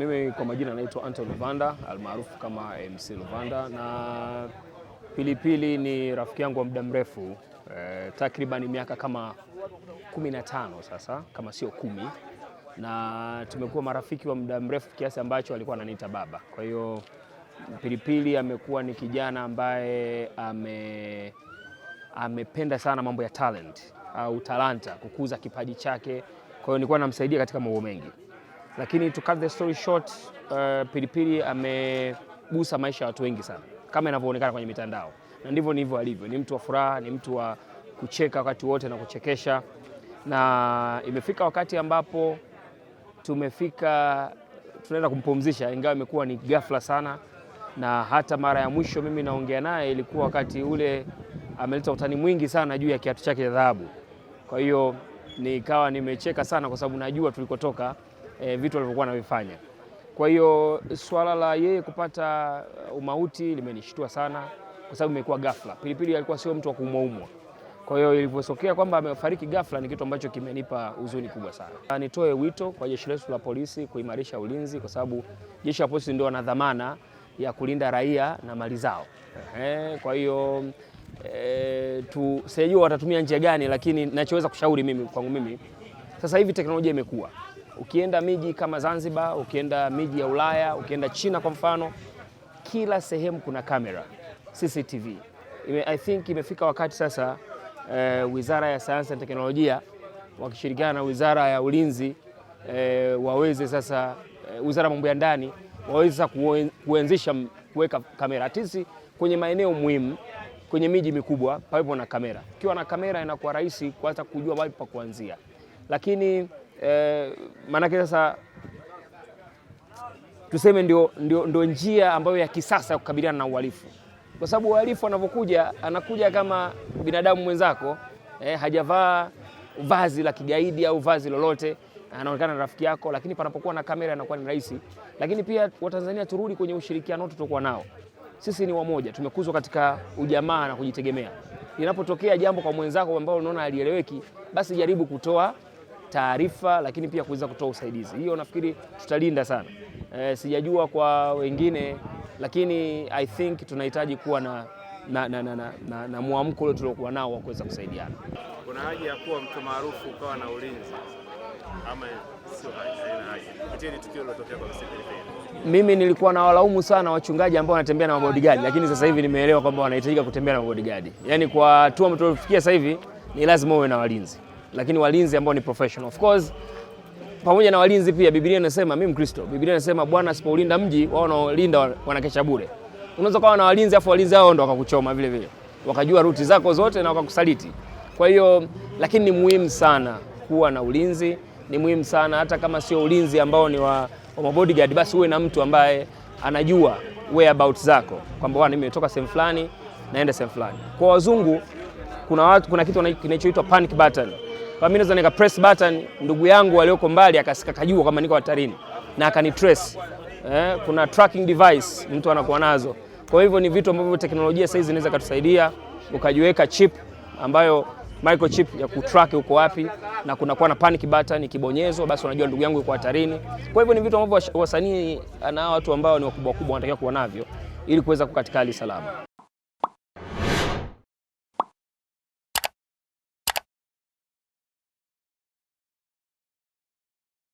Mimi kwa majina naitwa Anton Luvanda almaarufu kama MC Luvanda, na Pilipili ni rafiki yangu wa muda mrefu eh, takriban miaka kama kumi na tano sasa kama sio kumi, na tumekuwa marafiki wa muda mrefu kiasi ambacho alikuwa ananiita baba. Kwa hiyo Pilipili amekuwa ni kijana ambaye ame amependa sana mambo ya talent au talanta, kukuza kipaji chake. Kwa hiyo nilikuwa namsaidia katika mambo mengi. Lakini to cut the story short, uh, Pilipili amegusa maisha ya watu wengi sana kama inavyoonekana kwenye mitandao, na ndivyo ndivyo alivyo. Ni mtu wa furaha, ni mtu wa kucheka wakati wote na kuchekesha, na imefika wakati ambapo tumefika tunaenda kumpumzisha, ingawa imekuwa ni ghafla sana, na hata mara ya mwisho mimi naongea naye ilikuwa wakati ule ameleta utani mwingi sana juu ya kiatu chake cha dhahabu. Kwa hiyo nikawa nimecheka sana, kwa sababu najua tulikotoka e, vitu alivyokuwa anavifanya. Kwa hiyo swala la yeye kupata eh, umauti limenishtua sana, kwa sababu imekuwa ghafla. Pilipili alikuwa sio mtu wa kuumwaumwa, kwa hiyo ilivyotokea kwamba amefariki ghafla ni kitu ambacho kimenipa huzuni kubwa sana. Nitoe wito kwa jeshi letu la polisi kuimarisha ulinzi, kwa sababu jeshi la polisi ndio wana dhamana ya kulinda raia na mali zao. Ehe, eh, kwa hiyo e, tu sijui watatumia njia gani, lakini nachoweza kushauri mimi kwangu mimi, sasa hivi teknolojia imekuwa Ukienda miji kama Zanzibar, ukienda miji ya Ulaya, ukienda China kwa mfano, kila sehemu kuna kamera CCTV. Ime, I think imefika wakati sasa eh, Wizara ya Sayansi na Teknolojia wakishirikiana na Wizara ya Ulinzi eh, waweze sasa eh, Wizara ya Mambo ya Ndani waweze sasa kuanzisha kuweka kamera tisi kwenye maeneo muhimu kwenye miji mikubwa pawepo na kamera. Ukiwa na kamera inakuwa rahisi kuanza kujua wapi pa kuanzia, lakini Eh, maanake sasa tuseme ndio, ndio, ndio njia ambayo ya kisasa ya kukabiliana na uhalifu, kwa sababu uhalifu anapokuja anakuja kama binadamu mwenzako eh, hajavaa vazi la kigaidi au vazi lolote, anaonekana na rafiki yako, lakini panapokuwa na kamera anakuwa ni rahisi. Lakini pia Watanzania turudi kwenye ushirikiano tulikuwa nao, sisi ni wamoja, tumekuzwa katika ujamaa na kujitegemea. Inapotokea jambo kwa mwenzako ambao unaona alieleweki, basi jaribu kutoa taarifa, lakini pia kuweza kutoa usaidizi. Hiyo nafikiri tutalinda sana. E, sijajua kwa wengine, lakini I think tunahitaji kuwa na, na, na, na, na, na, na mwamko ule tuliokuwa nao wa kuweza kusaidiana. Kuna haja ya kuwa mtu maarufu ukawa na ulinzi ama sio? Haja tukio lilotokea kwa mimi nilikuwa na walaumu sana wachungaji ambao wanatembea na mabodigadi, lakini sasa hivi nimeelewa kwamba wanahitajika kutembea na mabodigadi. Yaani kwa hatua mtulifikia sasa hivi ni lazima uwe na walinzi lakini walinzi ambao ni professional. Of course pamoja na walinzi pia Biblia inasema mimi Mkristo, Biblia inasema Bwana asipoulinda mji, wao wanaolinda wanakesha bure. Unaweza kuwa na walinzi afu walinzi hao ndo wakakuchoma vile vile, wakajua ruti zako zote na wakakusaliti. Kwa hiyo lakini ni muhimu sana kuwa na ulinzi, ni muhimu sana hata kama sio ulinzi ambao ni wa, wa bodyguard, basi uwe na mtu ambaye anajua whereabouts zako kwamba mimi nimetoka sehemu fulani naenda sehemu fulani. Kwa wazungu kuna watu, kuna kitu kinachoitwa panic button kwa mimi naweza nika press button, ndugu yangu alioko mbali akasika kajua kama niko hatarini na akanitrace. Eh, kuna tracking device mtu anakuwa nazo. Kwa hivyo ni vitu ambavyo teknolojia sasa hizi inaweza katusaidia, ukajiweka chip ambayo microchip ya kutrack uko wapi, na kunakuwa na panic button ikibonyezwa, basi unajua ndugu yangu yuko hatarini. Kwa hivyo ni vitu ambavyo wasanii na watu ambao ni wakubwa kubwa wanatakiwa kuwa navyo ili kuweza kukatika hali salama.